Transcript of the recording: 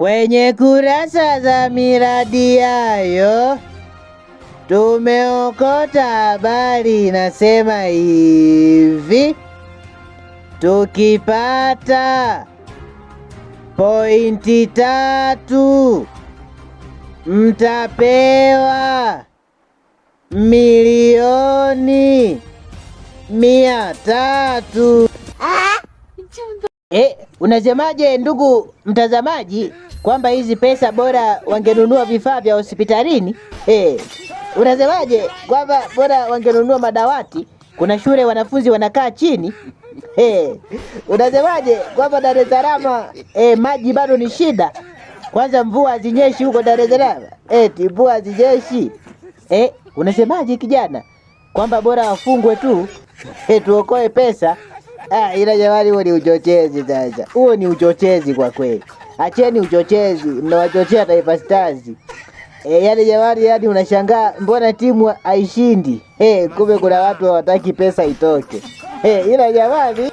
Kwenye kurasa za miradi yayo tumeokota habari inasema hivi: tukipata pointi tatu mtapewa milioni mia tatu. Ah, eh, unasemaje ndugu mtazamaji? kwamba hizi pesa bora wangenunua vifaa vya hospitalini eh. Unasemaje kwamba bora wangenunua madawati? Kuna shule wanafunzi wanakaa chini eh. Unasemaje kwamba Dar es Salaam eh, maji bado ni shida. Kwanza mvua hazinyeshi huko Dar es Salaam eh, mvua hazinyeshi eh. Unasemaje kijana kwamba bora wafungwe tu eh, tuokoe pesa. Ah, ila jamani, huo ni uchochezi sasa, huo ni uchochezi kwa kweli. Acheni uchochezi, mnawachochea Taifa Stars. E, yani jamani, yani unashangaa mbona timu haishindi? Hey, eh, kumbe kuna watu hawataki pesa itoke. Hey, eh, ila jamani